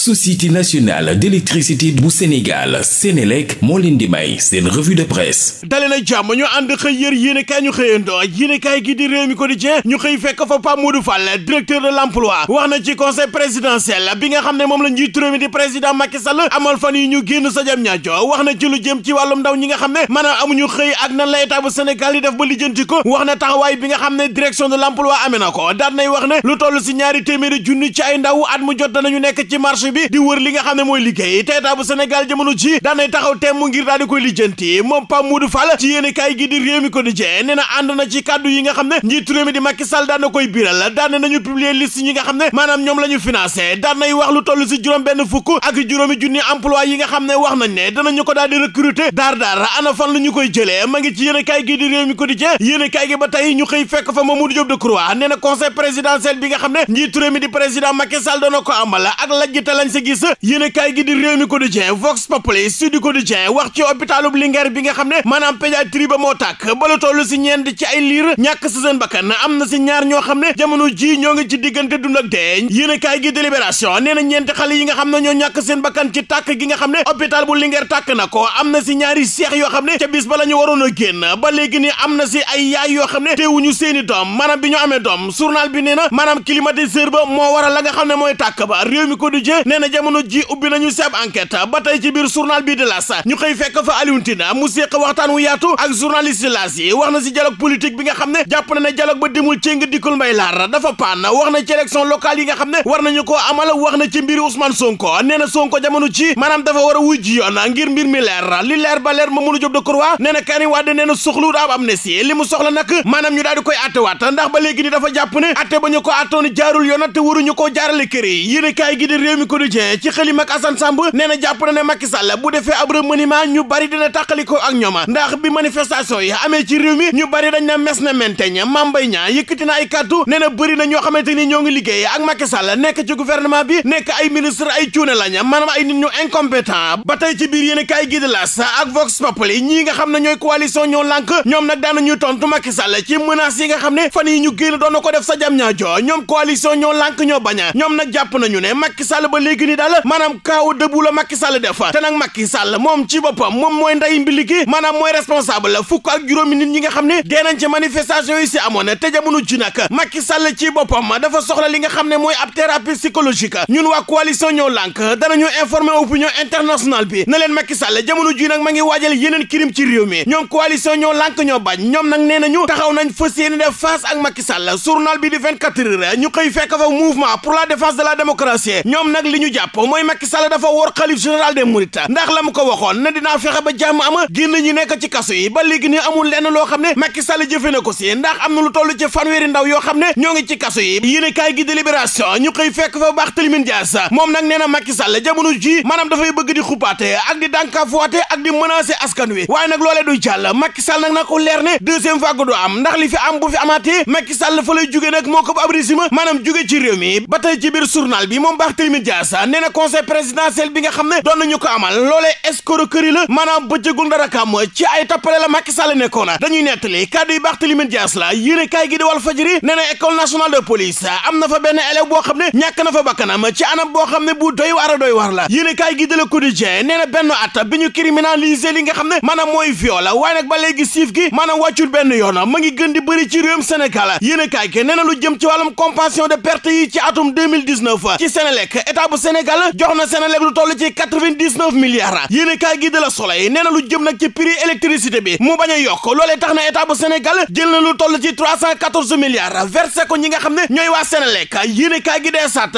société nationale d'électricité bu Sénégal Sénélec moo leen di may seen revue de presse dale na jàmm ñu ànd xëy yër yéenekaay ñu xëyandoo kaay gi di réew mi quotidien ñu xëy fekk fa Pape Modou Fall directeur de l'emploi wax na ci conseil présidentiel bi nga xam ne moom la njiit réew mi di président Macky Sall amal fan yi ñu génn sa jam ñaajo wax na ci lu jëm ci wàllum ndaw ñi nga xam ne maanaam amuñu xëy ak nan la état bu Sénégal yi def ba ko wax na taxawaay bi nga xam ne direction de l'emploi amee na ko daat nay wax ne lu toll si ñaari téeméeri junni ci ay ndaw at mu jot nañu nekk ci marché marché bi di wër li nga xam ne mooy liggéey te état bu Sénégal daanay taxaw temm ngir daal di koy lijjanti moom Pape Modou Fall ci yéen kaay gi di réew ko di jee nee na ànd ci kàddu yi nga xam ne njiitu réew mi di Macky Sall daan na koy biral daan nañu nga xam ne maanaam ñoom la ñu financé wax lu toll si juróom benn fukk ak juróomi junni emploi yi nga xam ne wax nañ ne danañu ko daal di recruter daar daar ana fan la ñu lañ si gis yéen a gi di réew mi quotidien vox populi sud quotidien wax ci hôpitalub Linguère bi nga xam ne maanaam pédiatrie ba moo tàkk ba lu toll si ñeent ci ay liir ñàkk sa seen bakkan am na si ñaar ñoo xam ne jamono ji ñoo ngi ci diggante dund dee yéen kaay gi délibération nee na ñeenti xale yi nga xam ne ñoo ñàkk seen bakkan ci tàkk gi nga xam ne hôpital bu Linguère tàkk na ko am na si ñaari seex yoo xam ne bis ba ñu waroon a génn ba léegi ni am na si ay yaay yoo xam ne teewuñu seeni doom maanaam bi ñu amee doom journal bi nee na maanaam climatiseur ba moo waral la nga xam ne mooy tàkk ba réew mi quotidien nee na jamono ji ubbi nañu seb enquête ba tey ci biir journal bi de la sa ñu xëy fekk fa Alioune Tine mu séq waxtaan wu yaatu ak journaliste laas yi wax na si dialogue politique bi nga xam ne jàpp na ne dialogue ba dimul ci nga dikkul mbay laar dafa paan wax na ci élection locale yi nga xam ne war ko koo amal wax na ci mbiri Ousmane Sonko nee na Sonko jamono ji maanaam dafa war a wuj ji ngir mbir mi leer li leer ba leer Mamadou Diop Decroix nee na Karim Wade nee na soxluwut ab amnistie nag maanaam ñu daal di koy attewaat ndax ba léegi ni dafa jàpp ne atte ba ñu ko attoon jaarul yoon te waruñu koo jaarale kër yi yéen kaay gi ko Quotidien ci xëlim ak a Samb nee na jàpp na ne Macky bu defee ab remaniement ñu bari dina tàqalikoo ak ñooma ndax bi manifestation yi amee ci réew mi ñu bari dañ na mes na menteñ mambay ñaa yëkkati na ay kàddu nee bëri na ñoo xamante ni ñoo ngi liggéey ak Macky Sall nekk ci gouvernement bi nekk ay ministre ay cuune laña maanaam ay nit ñu incompétent ba tey ci biir yéen ne ñooy coalition ñoo lànk ñoom nag daana yi ñu génn doon ko def sa jam ñaa joo dégg ni daal maanaam kaaw dëbu la Macky te nag Macky moom ci boppam moom mooy nday mbiliki maanaam mooy responsable la fukk ak juróomi nit ñi nga xam ne dee ci manifestation yi si amoon te jamono ji nag ci boppam dafa soxla li nga xam ne mooy ab thérapie psychologique ñun waa coalition ñoo lànk danañu informer opinion internationale bi na leen Macky Sall jamono ma ngi waajal yeneen crime ci réew ñoom coalition ñoo lànk ñoo bañ ñoom nag ñu jàpp mooy Macky Sall dafa wor xalif général des Mourides ndax la ko waxoon na dinaa fexe ba jàmm am génn ñu nekk ci kaso yi ba léegi ni amul lenn loo xam ne Macky Sall jëfe na ko si ndax am na lu toll ci fanweeri ndaw yoo xam ne ñoo ngi ci kaso yi yéene kaay gi délibération ñu koy fekk fa baax Tëlimin Dias moom nag nee na Macky Sall jamono ji maanaam dafay bëgg di xupaate ak di dànkaafuwaate ak di menacer askan wi waaye nag loolee du jàll Macky Sall nag na leer ne deuxième vague du am ndax li fi am bu fi amaatee Macky Sall fa lay jóge nag moo ko bu ab régime ci réew mi ba tey ci biir journal bi moom baax Tëlimin Dias sa nee na conseil présidentiel bi nga xam ne doon nañu ko amal loolee escroquerie la maanaam bëccëgul dara kam ci ay tappale la Macky Sall nekkoon dañuy nettali kàddu yi Barthélémy Dias la yéene kaay gi di Walf Fadjri nee na école de police am na benn élève boo xam ne ñàkk na fa bakkanam ci anam boo xam ne bu doy waar a doy waar la yéene kaay gi di Le Quotidien nee na benn at bi li nga xam ne maanaam mooy viol waaye nag ba léegi siif gi ma bu Sénégal jox na Senelec lu toll ci quatre-vingt-dix-neuf milliards yéen kaay gi de la Soleil nee lu jëm nag ci prix électricité bi mu bañ a yokk loolee tax na état bu jël na lu toll ci trois cent ko ñi ne ñooy waa Senelec yéen kaay gi de sat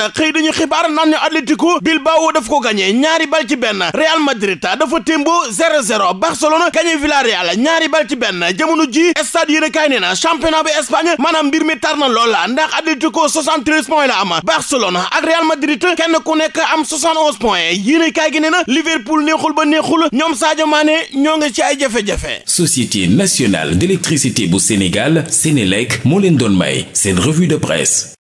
xibaar naan ñu Atlético Bilbao daf ko gagné ñaari bal ci benn Real Madrid dafa témbo zéro zéro Barcelone gagné Villarreal ñaari bal ci benn jamono ji stade yéen kaay nee na championnat bi Espagne maanaam mbir mi tar na lool ndax Atlético soixante-treize ku nekk am 71 points yéenekaay gi nee na Liverpool neexul ba neexul ñoom Sadio Mané ñoo nga ci ay jafe-jafe. Société nationale d'électricité bu Sénégal Sénélec moo leen doon may seen revue de presse.